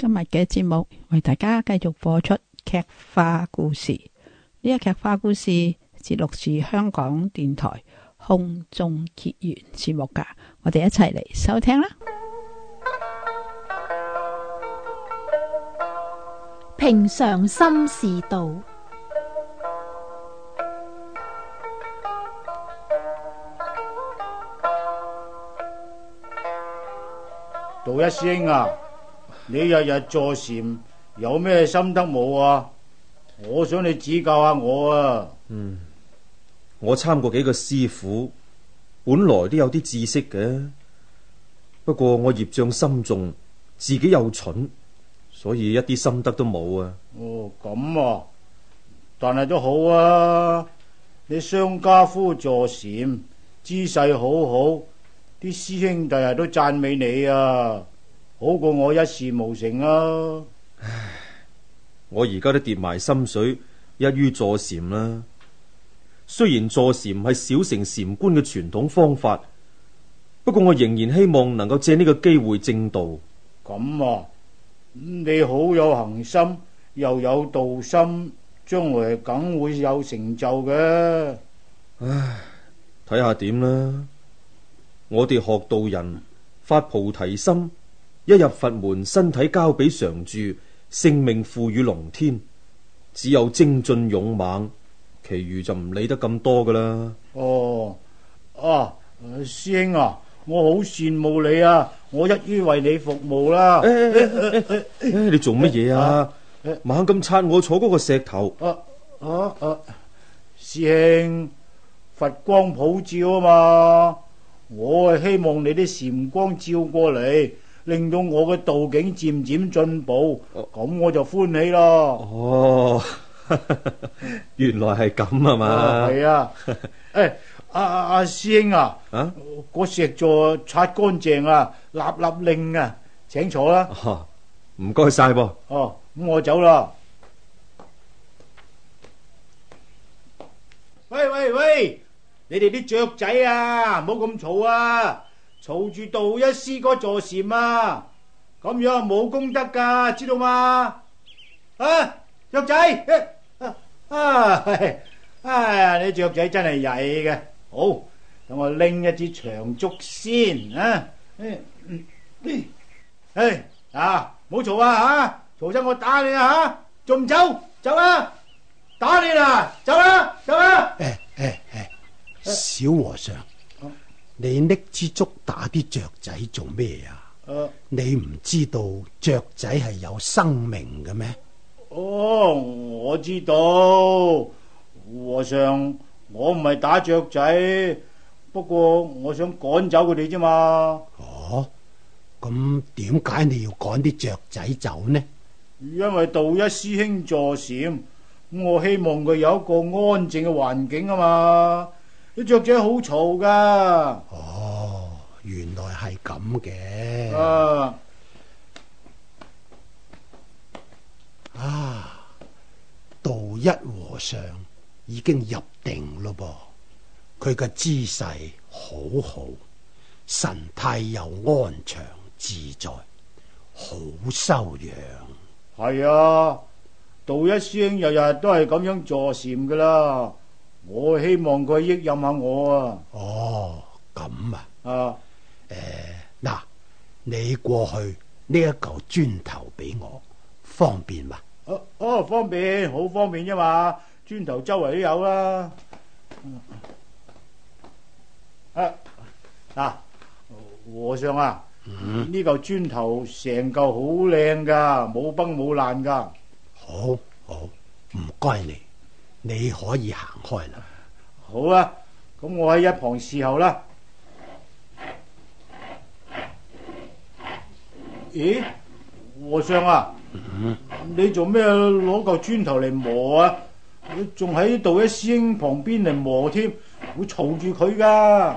今日嘅節目為大家繼續播出劇化故事，呢一劇化故事節錄自香港電台空中結緣節目噶，我哋一齊嚟收聽啦。平常心是道，道一師兄啊。你日日坐禪，有咩心得冇啊？我想你指教下我啊。嗯，我參過幾個師傅，本來都有啲知識嘅，不過我業障深重，自己又蠢，所以一啲心得都冇啊。哦，咁啊，但係都好啊！你商家夫坐禪姿勢好好，啲師兄弟都讚美你啊。好過我一事無成啊。唉，我而家都跌埋心水，一於坐禪啦。雖然坐禪係小乘禪觀嘅傳統方法，不過我仍然希望能夠借呢個機會正道。咁，啊，你好有恆心，又有道心，將來梗會有成就嘅。唉，睇下點啦。我哋學道人發菩提心。一入佛門，身體交俾常住，性命賦予龍天，只有精進勇猛，其餘就唔理得咁多噶啦。哦，啊，師兄啊，我好羨慕你啊，我一於為你服務啦。哎哎哎哎哎。你做乜嘢啊？猛咁擦我坐嗰個石頭。啊啊啊！師兄，佛光普照啊嘛，我係希望你啲禪光照過嚟，令到我嘅道境漸漸進步，咁我就歡喜囉。哦，原來係咁吖嘛？係啊。誒，阿阿師兄啊，嗰石座擦乾淨啊，立立令啊，請坐啦。唔該晒噃。哦，咁我走啦。喂喂喂，你哋啲雀仔啊，唔好咁嘈啊！嘈住道一師哥坐禪啊，咁樣冇功德噶，知道嗎？啊，雀仔，啊、哎哎、啊，哎呀，你隻雀仔真係曳嘅。好，等我拎一支長竹先啊。嗯啊，唔好嘈啊吓，嘈親我打你啊吓，仲唔走？走啊，打你啦，走啦、啊，走啦、啊。誒誒誒，小和尚。哎你拎支竹打啲雀仔做咩啊？呃，你唔知道雀仔係有生命嘅咩？哦，我知道，和尚，我唔係打雀仔，不過我想趕走佢哋啫嘛。哦，咁點解你要趕啲雀仔走呢？因為道一師兄坐禪，我希望佢有一個安靜嘅環境啊嘛。啲雀仔好嘈噶！哦，原來係咁嘅。啊！啊！道一和尚已經入定咯噃，佢嘅姿勢好好，神態又安詳自在，好修養。係啊，道一師兄日日都係咁樣坐禪噶啦。我希望佢益任下我啊！哦，咁啊！啊，誒、欸，嗱，你過去呢一嚿磚頭俾我，方便嘛？哦哦，方便，好方便啫嘛！磚頭周圍都有啦。啊，嗱，和尚啊，呢嚿磚頭成嚿好靚噶，冇崩冇爛噶。好，好，唔該你。你可以行開啦。好啊，咁我喺一旁伺候啦。咦，和尚啊，嗯、你做咩攞嚿磚頭嚟磨啊？仲喺度喺師兄旁邊嚟磨添、啊，會嘈住佢噶。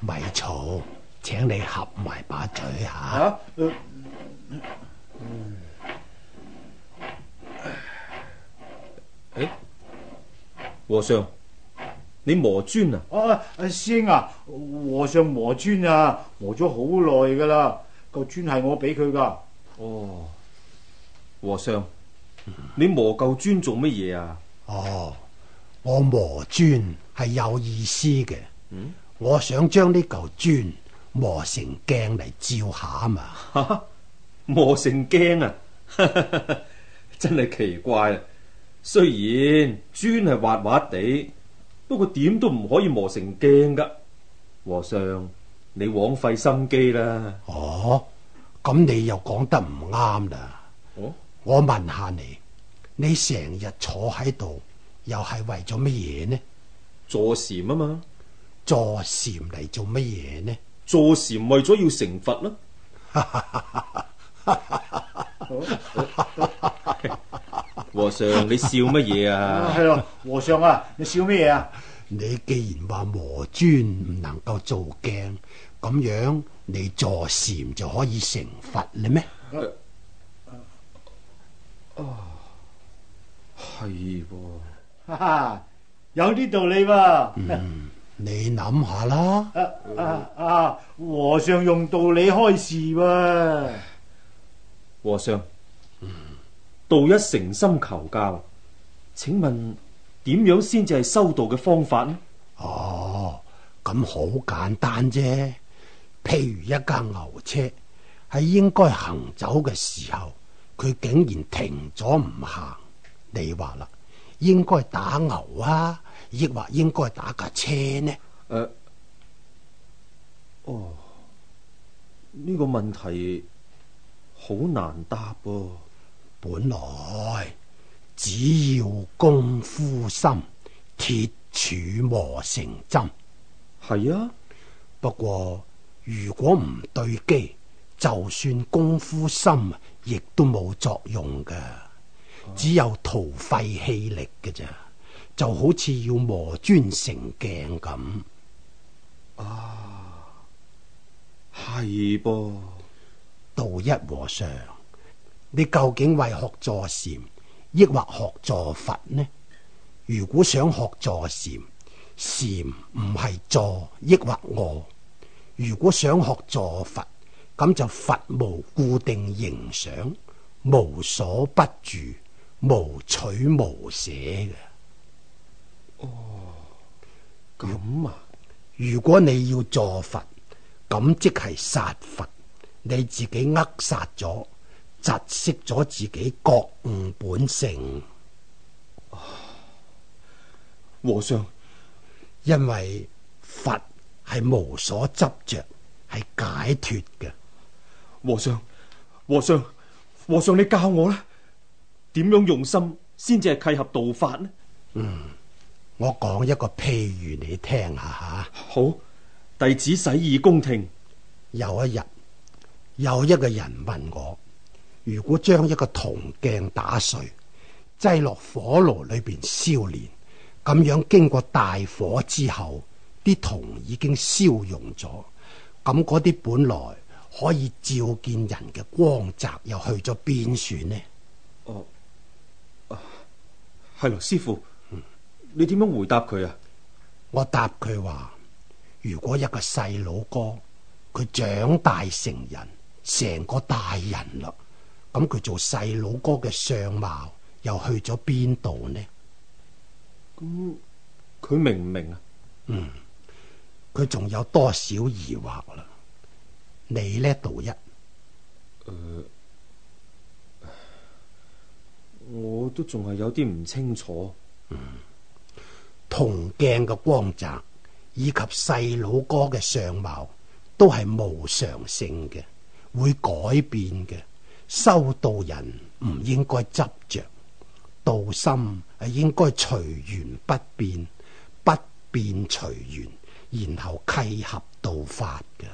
咪嘈， 請你合埋把嘴吓、啊。啊呃和尚，你磨磚啊？啊啊！師兄啊，和尚磨磚啊，磨咗好耐噶啦。嚿磚係我俾佢噶。哦，和尚，嗯、你磨嚿磚做乜嘢啊？哦，我磨磚係有意思嘅。嗯，我想將呢嚿磚磨成鏡嚟照下嘛啊嘛。磨成鏡啊？ 真係奇怪啊！雖然磚係滑滑地，不過點都唔可以磨成鏡噶。和尚，你枉費心機啦。哦，咁你又講得唔啱啦。哦，我問下你，你成日坐喺度，又係為咗乜嘢呢？坐禪啊嘛，坐禪嚟做乜嘢呢？坐禪為咗要成佛咯。和尚，你笑乜嘢啊？係咯， 和尚啊，你笑咩嘢啊？ 你既然話磨磚唔能夠做鏡，咁樣你坐禪就可以成佛啦咩？哦、啊，係哈哈，啊啊、 有啲道理噃、 嗯。你諗下啦。啊啊，和尚用道理開示噃，和尚。道一誠心求教，請問點樣先至係修道嘅方法呢？哦，咁好簡單啫。譬如一架牛車喺應該行走嘅時候，佢竟然停咗唔行，你話啦，應該打牛啊，亦或應該打架車呢？誒、呃，哦，呢個問題好難答噃。本來只要功夫深，鐵杵磨成針。係啊，不過如果唔對機，就算功夫深，亦都冇作用噶，只有徒費氣力嘅咋，就好似要磨磚成鏡咁。啊，係噃，道一和尚。你究竟為學助禪，抑或學助佛呢？如果想學助禪，禪唔係助，抑或我。如果想學助佛，咁就佛無固定形相，無所不住，無取無捨嘅。哦，咁啊！如果你要助佛，咁即係殺佛，你自己扼殺咗。窒息咗自己覺悟本性，和尚，因為佛係無所執着，係解脱嘅。和尚，和尚，和尚，你教我啦，點樣用心先至係契合道法呢？嗯，我講一個譬喻你聽下吓。好，弟子洗耳恭聽。有一日，有一個人問我。如果將一個銅鏡打碎，擠落火爐裏邊燒煉，咁樣經過大火之後，啲銅已經燒溶咗，咁嗰啲本來可以照見人嘅光澤，又去咗邊算呢？哦，係、啊、咯，師傅，嗯、你點樣回答佢啊？我答佢話：如果一個細佬哥，佢長大成人，成個大人啦。咁佢做細佬哥嘅相貌又去咗邊度呢？咁佢明唔明啊？嗯，佢仲有多少疑惑啦？你呢度一，呃，我都仲係有啲唔清楚。嗯，銅鏡嘅光澤以及細佬哥嘅相貌都係無常性嘅，會改變嘅。修道人唔應該執着，道心係應該隨緣不變，不變隨緣，然後契合道法噶。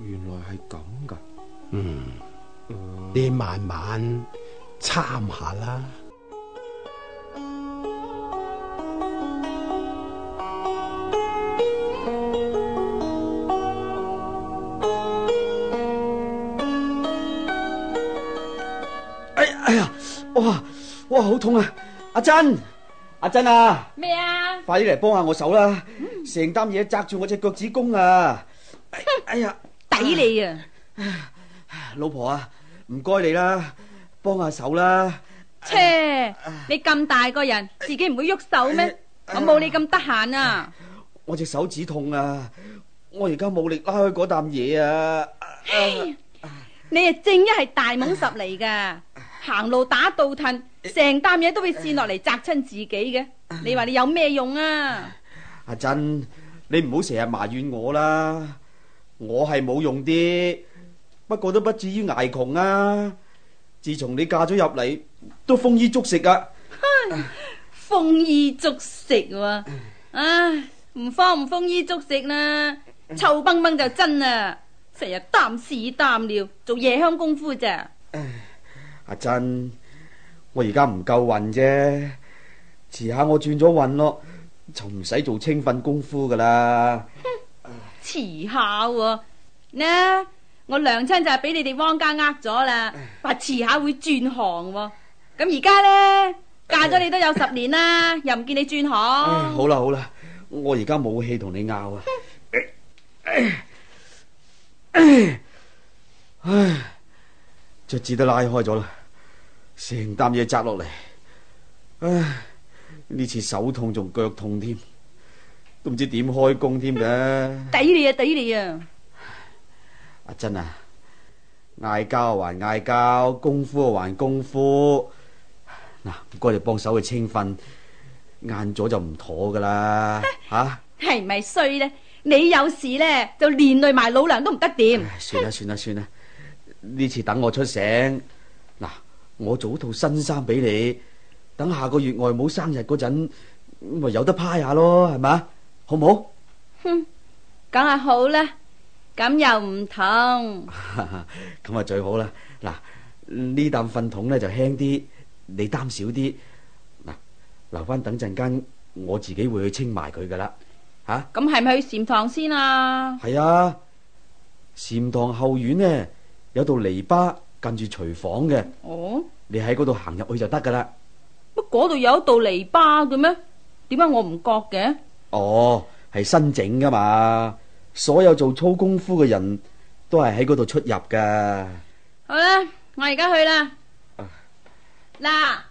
原來係咁噶。嗯，嗯，你慢慢參下啦。哇，好痛啊！阿珍，阿珍啊，咩麼啊？快啲嚟幫下我手啦！成擔嘢紮住我隻腳趾公啊！哎呀，抵你啊！老婆啊，唔該你啦，幫下手啦！切， 你咁大個人，自己唔會喐手咩？我冇你咁得閒啊！ 我隻手指痛啊！我而家冇力拉開嗰擔嘢啊！ 你啊，正一係大懵十嚟噶，行路打倒褪，成擔嘢都會濺落嚟，砸親自己嘅。你話你有咩用啊，啊？阿珍，你唔好成日埋怨我啦。我係冇用啲，不過都不至於挨窮啊。自從你嫁咗入嚟，都豐衣、啊啊、 豐衣足食啊。唉，豐衣足食喎。唉，唔慌唔豐衣足食啦，臭崩崩就真啊，成日擔屎擔尿，做夜香功夫咋，啊？阿珍。我夠運而家唔夠運啫，遲下我轉咗運咯，就唔使做清訓功夫噶啦。遲 下、啊？呢我娘親就係俾你哋汪家呃咗啦，話遲下會轉行、啊。咁而家咧嫁咗你都有十年啦， 又唔見你轉行。好啦好啦，我而家冇氣同你拗啊！唉，桌子都拉開咗啦。成擔嘢摘落嚟，唉！呢次手痛仲腳痛添，都唔知點開工添、啊、嘅。抵你啊！抵你啊！阿珍啊，嗌交還嗌交，功夫還功夫，嗱，唔該你幫手去清訓，晏咗就唔妥噶啦。吓，係咪衰咧？你有事咧，就連累埋老娘都唔得掂。算啦算啦算啦，呢次等我出醒。我做一套新衫俾你，等下個月外母生日嗰陣，咪有得趴下咯，係咪？好唔好？哼，梗係好啦，咁又唔同，咁啊最好啦。嗱，呢擔糞桶咧就輕啲，你擔少啲。嗱，留翻等陣間我自己會去清埋佢噶啦，吓。咁係咪去禪堂先啊？係啊，禪堂後院咧有道籬笆。跟住廚房嘅，哦，你喺嗰度行入去就得噶啦。乜嗰度有一道籬笆嘅咩？點解我唔覺嘅？哦，係新整噶嘛，所有做粗功夫嘅人都係喺嗰度出入噶。好啦，我而家去啦。嗱，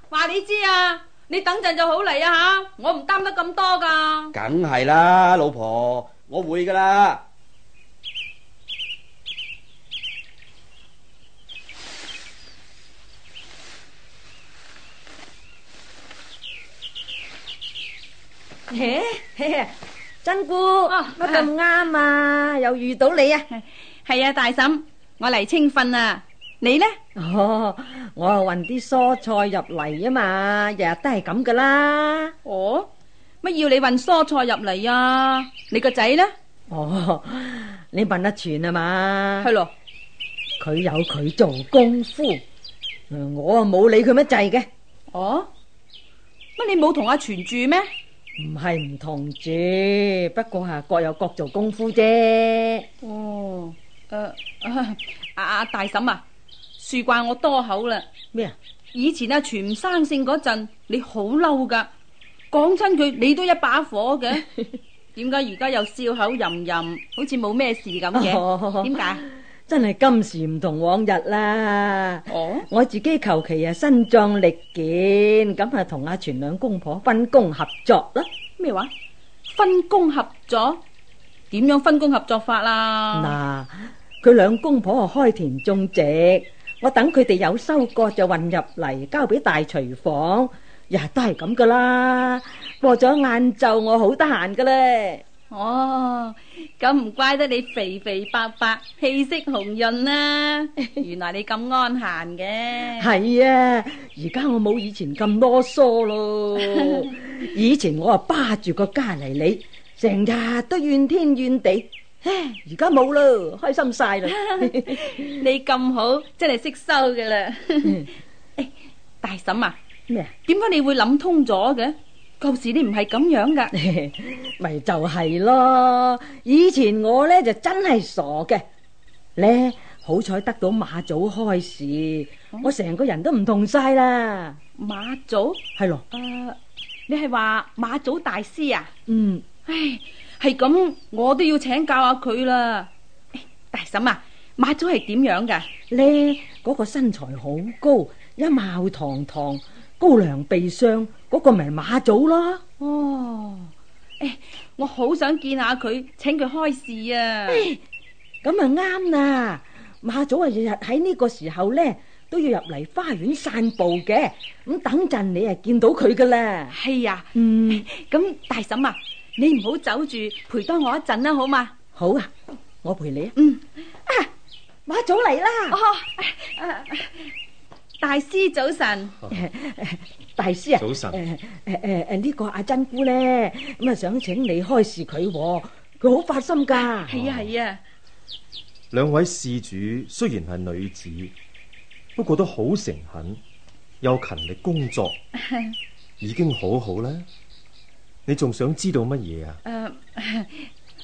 話你知啊，你等陣就好嚟啊吓，我唔擔得咁多噶。梗係啦，老婆，我會噶啦。嘿，嘿，真姑，乜咁啱啊？啊啊又遇到你啊！係啊，大嬸，我嚟清糞啊！你呢？哦、我啊運啲蔬菜入嚟啊嘛，日日都係咁噶啦。哦，乜要你運蔬菜入嚟啊？你個仔呢？哦，你問阿全啊嘛？係咯、啊，佢有佢做功夫，我啊冇理佢乜滯嘅。哦，乜你冇同阿全住咩？唔係唔同住，不過係各有各做功夫啫。哦，誒、呃，阿阿大嬸啊，恕、啊、怪、啊、我多口啦。咩啊麼？以前啊，全生性嗰陣，你好嬲噶，講真佢你都一把火嘅。點解而家又笑口吟吟，好似冇咩事咁嘅？點解、哦？ 真係今時唔同往日啦！哦、我自己求其啊身壯力健，咁啊同阿全兩公婆分工合作啦。咩話？分工合作？點樣分工合作法啊？嗱，佢兩公婆開田種植，我等佢哋有收割就運入嚟交俾大廚房，日日都係咁噶啦。過咗晏晝，我好得閒噶咧。哦。咁唔怪得你肥肥白白，氣色紅潤啦！原來你咁安閒嘅。係 啊，而家我冇以前咁囉嗦咯。以前我啊巴住個家嚟，你成日都怨天怨地。而家冇咯，開心晒啦！ 你咁好，真係識收噶啦！哎，大嬸啊，咩啊？點解你會諗通咗嘅？舊時你唔係咁樣噶，咪就係咯。以前我咧就真係傻嘅，咧好彩得到馬祖開示，我成個人都唔同晒啦。馬祖係咯，你係話馬祖大師啊？嗯，唉，係咁，我都要請教下佢啦。大嬸啊，馬祖係點樣㗎？咧嗰個身材好高，一貌堂堂，高梁鼻傷。嗰個咪馬祖咯。哦，誒，我好想見下佢，請佢開示啊！咁，啊啱啦，馬祖啊日日喺呢個時候咧都要入嚟花園散步嘅，咁等陣你啊見到佢噶啦。係啊，嗯，咁大嬸啊，你唔好走住，陪多我一陣啦，好嘛？好啊，我陪你啊。嗯，啊，馬祖嚟啦。哦，大師早晨。大師啊，早晨，誒誒誒誒，呢、呃呃呃，這個阿珍姑咧，咁啊想請你開示佢，佢好發心噶。係啊係啊，哇啊兩位事主雖然係女子，不過都好誠懇，又勤力工作，已經好好啦。你仲想知道乜嘢啊？誒、呃，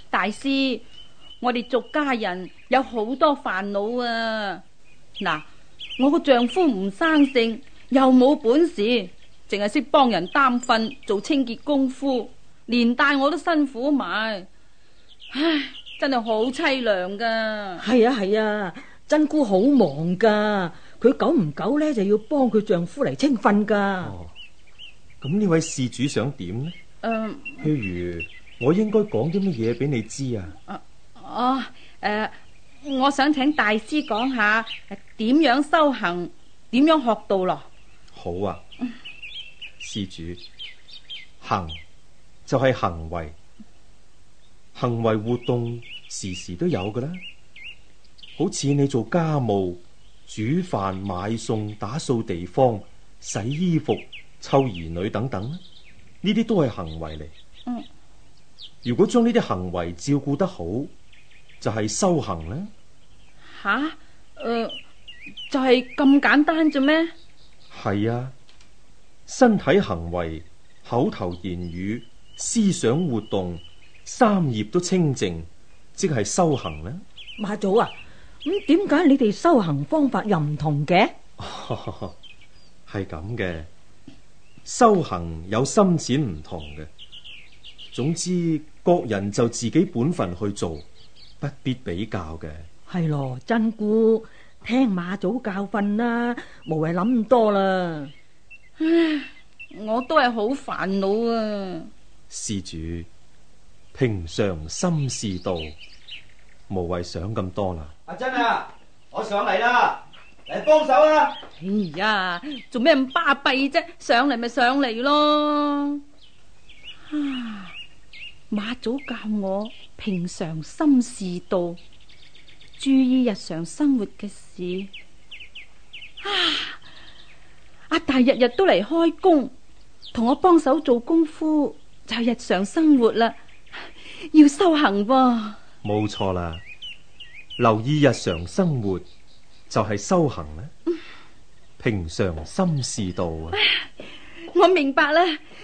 大師，我哋俗家人有好多煩惱啊！嗱，我個丈夫唔生性，又冇本事。淨係識幫人擔糞做清潔功夫，連帶我都辛苦埋，唉，真係好淒涼噶。係啊，係啊，真姑好忙噶，佢久唔久咧就要幫佢丈夫嚟清糞噶。哦，咁呢位事主想點呢？嗯、呃，譬如我應該講啲乜嘢俾你知啊？哦、呃，誒、呃，我想請大師講下點樣修行，點樣學道咯？好啊。施主，行就係行為，行為活動時時都有㗎啦，好似你做家務、煮飯、買餸、打掃地方、洗衣服、湊兒女等等，呢啲都係行為嚟。嗯，如果將呢啲行為照顧得好，就係修行呢？吓，誒，就係咁簡單啫咩？係啊。身體行為、口頭言語、思想活動三業都清淨，即係修行呢？馬祖啊，咁點解你哋修行方法又唔同嘅？係咁嘅，修行有深淺唔同嘅。總之，各人就自己本分去做，不必比較嘅。係咯，真姑聽馬祖教訓啦，無謂諗咁多啦。唉，我都係好煩惱啊！施主，平常心是道，無謂想咁多啦。阿珍啊，我上嚟啦，嚟幫手啊！哎呀，做咩咁巴閉啫？上嚟咪上嚟咯！啊，馬祖教我平常心是道，注意日常生活嘅事啊！阿大日日都嚟開工，同我幫手做功夫，就係日常生活啦。要修行，冇錯啦。留意日常生活就係修行咧，平常心是道啊！我明白啦，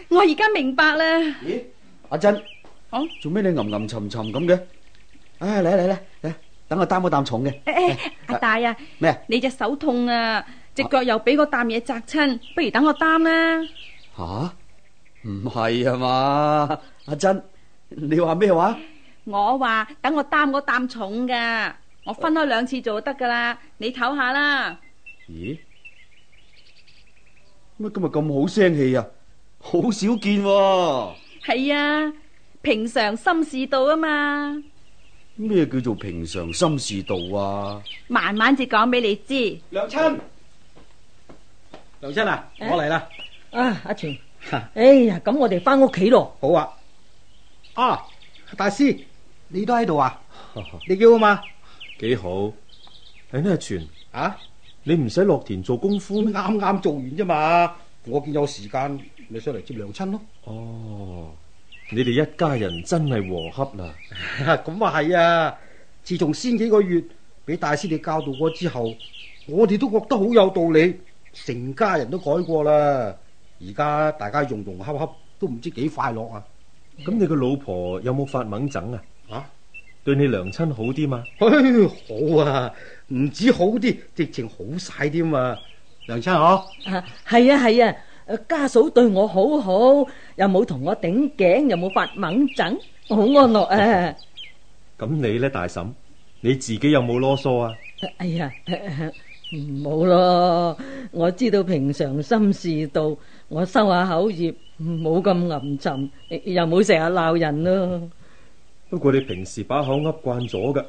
我而家明白啦。咦，阿珍，哦做咩？你吟吟沉沉咁嘅？哎，嚟啦嚟啦，誒，等我擔嗰擔重嘅。誒誒，阿大啊，咩？你隻手痛啊？隻腳又俾個擔嘢砸親，不如等我擔啦。吓，唔係啊嘛，阿珍，你話咩話？我話等我擔嗰擔重噶，我分開兩次做就得噶啦。你唞下啦。咦？乜今日咁好聲氣啊？好少見。係啊，平常心是道啊嘛。咩叫做平常心是道啊？慢慢至講俾你知，娘親。娘親啊，我嚟啦！啊，阿全， 哎呀，咁我哋翻屋企咯。好啊，啊，大師，你都喺度啊？你叫嘛？幾好？係咩阿全啊，你唔使落田做功夫，啱啱做完啫嘛。我見有時間，你上嚟接娘親咯。哦，你哋一家人真係和洽啦。咁啊係啊，自從先幾個月俾大師你教導過之後，我哋都覺得好有道理。成家人都改過啦，而家大家融融洽洽，都唔知幾快樂啊！咁你個老婆有冇發猛疹啊？吓，對你娘親好啲嘛？唉，好啊，唔止好啲，直情好晒啲嘛！娘親嗬，係啊係啊，家嫂對我好好，又冇同我頂頸，又冇發猛疹，好安樂啊！咁你咧，大嬸，你自己有冇囉嗦啊？哎呀！唔好咯，我知道平常心是道，我收下口業，唔好咁吟沉，又冇成日鬧人咯。不過你平時把口噏慣咗噶，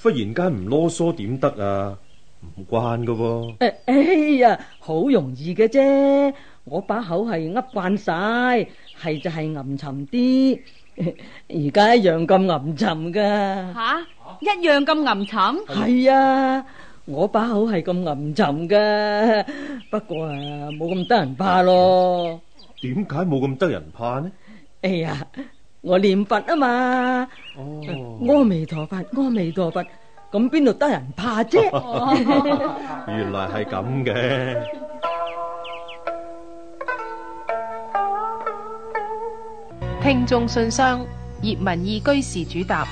忽然間唔囉嗦點得啊？唔慣噶喎。誒哎，哎呀，好容易嘅啫，我把口係噏慣晒，係就係吟沉啲，而家一樣咁吟沉噶。吓、啊，一樣咁吟沉？係啊。我把口係咁吟沉噶不過啊，冇咁得人怕咯。點解冇咁得人怕呢？哎呀，我念佛啊嘛，哦，阿彌陀佛，阿彌陀佛，咁邊度得人怕啫？原來係咁嘅。聽眾信箱，葉文義居士主答。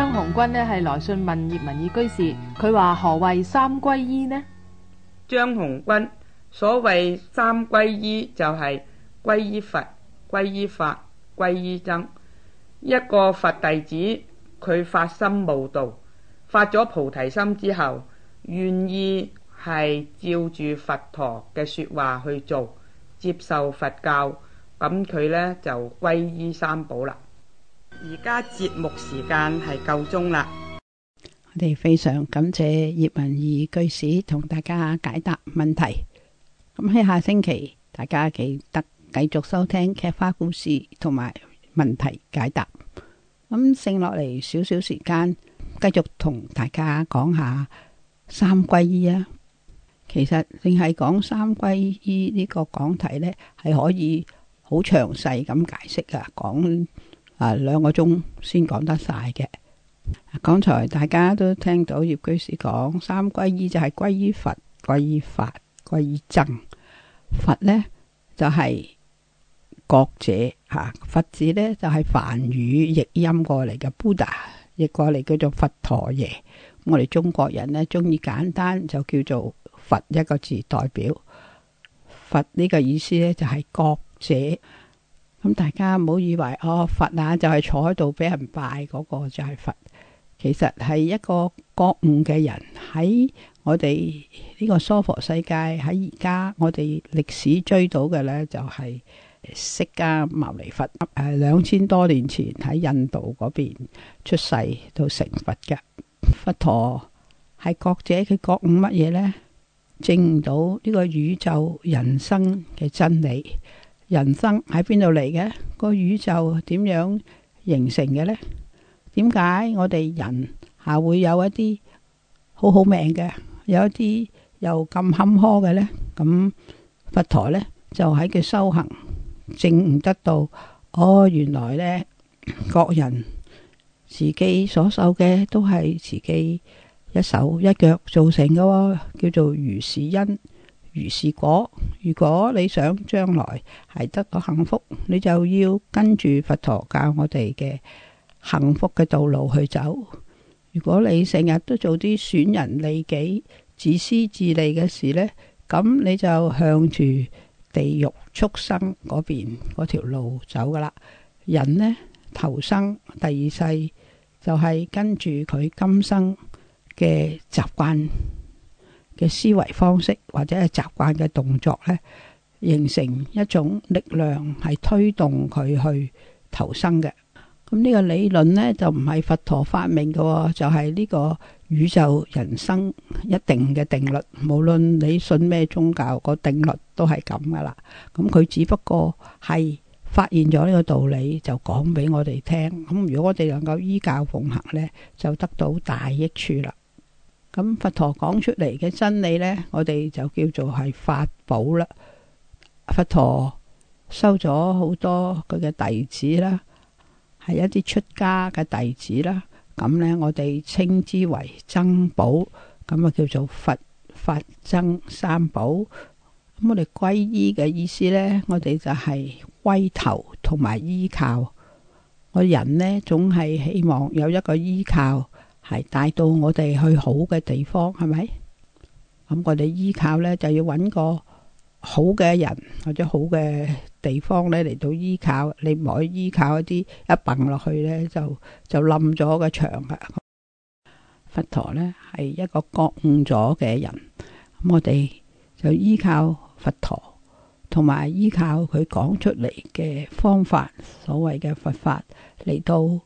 張紅軍呢係來信問葉文意居士，佢話何謂三歸依呢？張紅軍，所謂三歸依就係、是、歸依佛、歸依法、歸依僧。一個佛弟子，佢發心悟道，發咗菩提心之後，願意係照住佛陀嘅說話去做，接受佛教，咁佢呢就歸依三寶啦。而家節目時間係夠鐘啦，我哋非常感謝葉文儀居士同大家解答問題。咁喺下星期，大家記得繼續收聽劇花故事同埋問題解答。咁剩落嚟，少少時間，繼續同大家講下三歸依啊！其實淨係講三歸依呢個講題呢，係可以好詳細咁解釋㗎，講。啊，兩個鐘先講得晒嘅。剛才大家都聽到葉居士講三歸依就係歸依佛、歸依法、歸依僧。佛呢就係、是、覺者，嚇、啊、佛字呢就係、是、梵語譯音過嚟嘅 Buddha，譯過嚟叫做佛陀耶。我哋中國人呢中意簡單，就叫做佛一個字，代表佛呢個意思呢，就係、是、覺者。咁大家唔好以為哦佛啊就係坐喺度俾人拜嗰個就係佛，其實係一個覺悟嘅人。喺我哋呢個娑婆世界，喺而家我哋歷史追到嘅呢，就係釋迦牟尼佛，誒，兩千多年前喺印度嗰邊出世到成佛嘅佛陀，係覺者。佢覺悟乜嘢呢？證唔到呢個宇宙人生嘅真理。人生喺邊度嚟嘅？個宇宙點樣形成嘅呢？點解我哋人係會有一啲好好命嘅，有一啲又咁坎坷嘅呢？咁佛陀呢，就喺佢修行證唔得到，哦，原來呢，各人自己所受嘅都係自己一手一腳造成嘅，叫做如是因。如是果，如果你想將來係得到幸福，你就要跟住佛陀教我哋嘅幸福嘅道路去走。如果你成日都做啲損人利己、自私自利嘅事呢，咁你就向住地獄畜生嗰邊嗰條路走噶啦。人呢，投生第二世就係、是、跟住佢今生嘅習慣。嘅思維方式或者係習慣嘅動作咧，形成一種力量，係推動佢去投生嘅。咁呢個理論咧就唔係佛陀發明嘅，就係呢個宇宙人生一定嘅定律。無論你信咩宗教，個定律都係咁噶啦。咁佢只不過係發現咗呢個道理，就講俾我哋聽。咁如果我哋能夠依教奉行咧，就得到大益處啦。咁佛陀講出嚟嘅真理呢，我哋就叫做係法寶啦。佛陀收咗好多佢嘅弟子啦，係一啲出家嘅弟子啦。咁呢，我哋稱之為僧寶，咁啊叫做佛法僧三寶。咁我哋皈依嘅意思呢，我哋就係歸投同埋依靠。我人呢，總係希望有一個依靠。係帶到我哋去好嘅地方，係咪？咁、嗯、我哋依靠呢，就要揾個好嘅人或者好嘅地方咧嚟到依靠。你唔可以依靠一啲一掹落去呢，就就冧咗個牆、嗯、佛陀呢係一個覺悟咗嘅人，嗯、我哋就依靠佛陀，同埋依靠佢講出嚟嘅方法，所謂嘅佛法嚟到。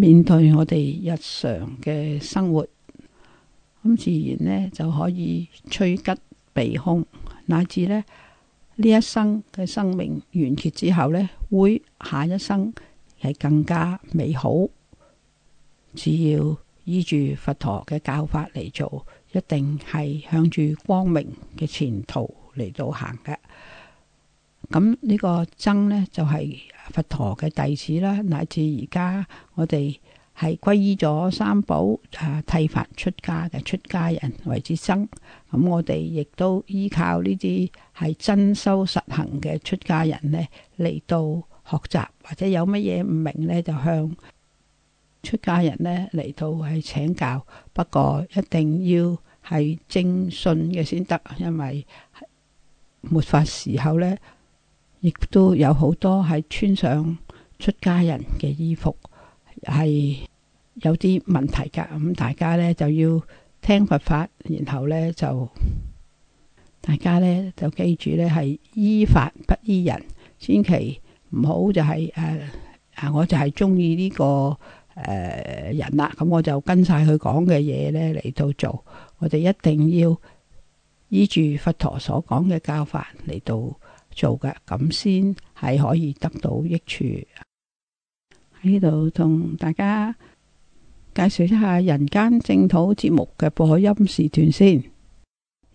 面對我哋日常嘅生活，咁自然呢就可以趨吉避凶，乃至呢，呢一生嘅生命完結之後呢，會下一生係更加美好。只要依住佛陀嘅教法嚟做，一定係向住光明嘅前途嚟到行嘅。咁呢個僧呢，就係、是、佛陀嘅弟子啦，乃至而家我哋係皈依咗三寶啊，剃髮出家嘅出家人為之僧。咁、嗯、我哋亦都依靠呢啲係真修實行嘅出家人呢嚟到學習，或者有乜嘢唔明呢，就向出家人呢嚟到係請教。不過一定要係正信嘅先得，因為末法時候呢。亦都有好多係穿上出家人嘅衣服，係有啲問題噶。咁大家呢就要聽佛法，然後呢就大家呢就記住呢係依法不依人，千祈唔好就係誒誒，我就係中意呢個誒人啦，咁我就跟晒佢講嘅嘢呢嚟到做。我哋一定要依住佛陀所講嘅教法嚟到。做嘅咁先係可以得到益處。喺呢度同大家介紹一下《人間淨土》節目嘅播音時段先。《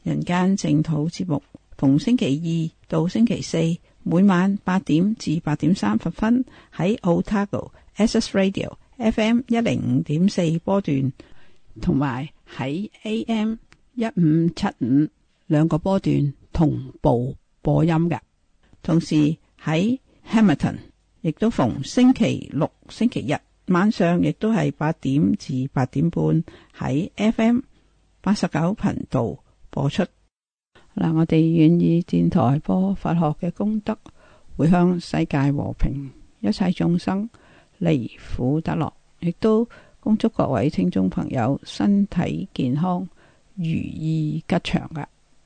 人間淨土》節目逢星期二到星期四，每晚八點至八點三十分喺 Otago SS Radio FM 一零五點四波段，同埋喺 AM 一五七五兩個波段同步播音嘅。同時喺 Hamilton，亦都逢星期六、星期日晚上，亦都係八點至八點半喺 FM 八十九頻道播出。嗱，我哋願意電台播佛學嘅功德，回向世界和平，一切眾生離苦得樂，亦都恭祝各位聽眾朋友身體健康，如意吉祥㗎。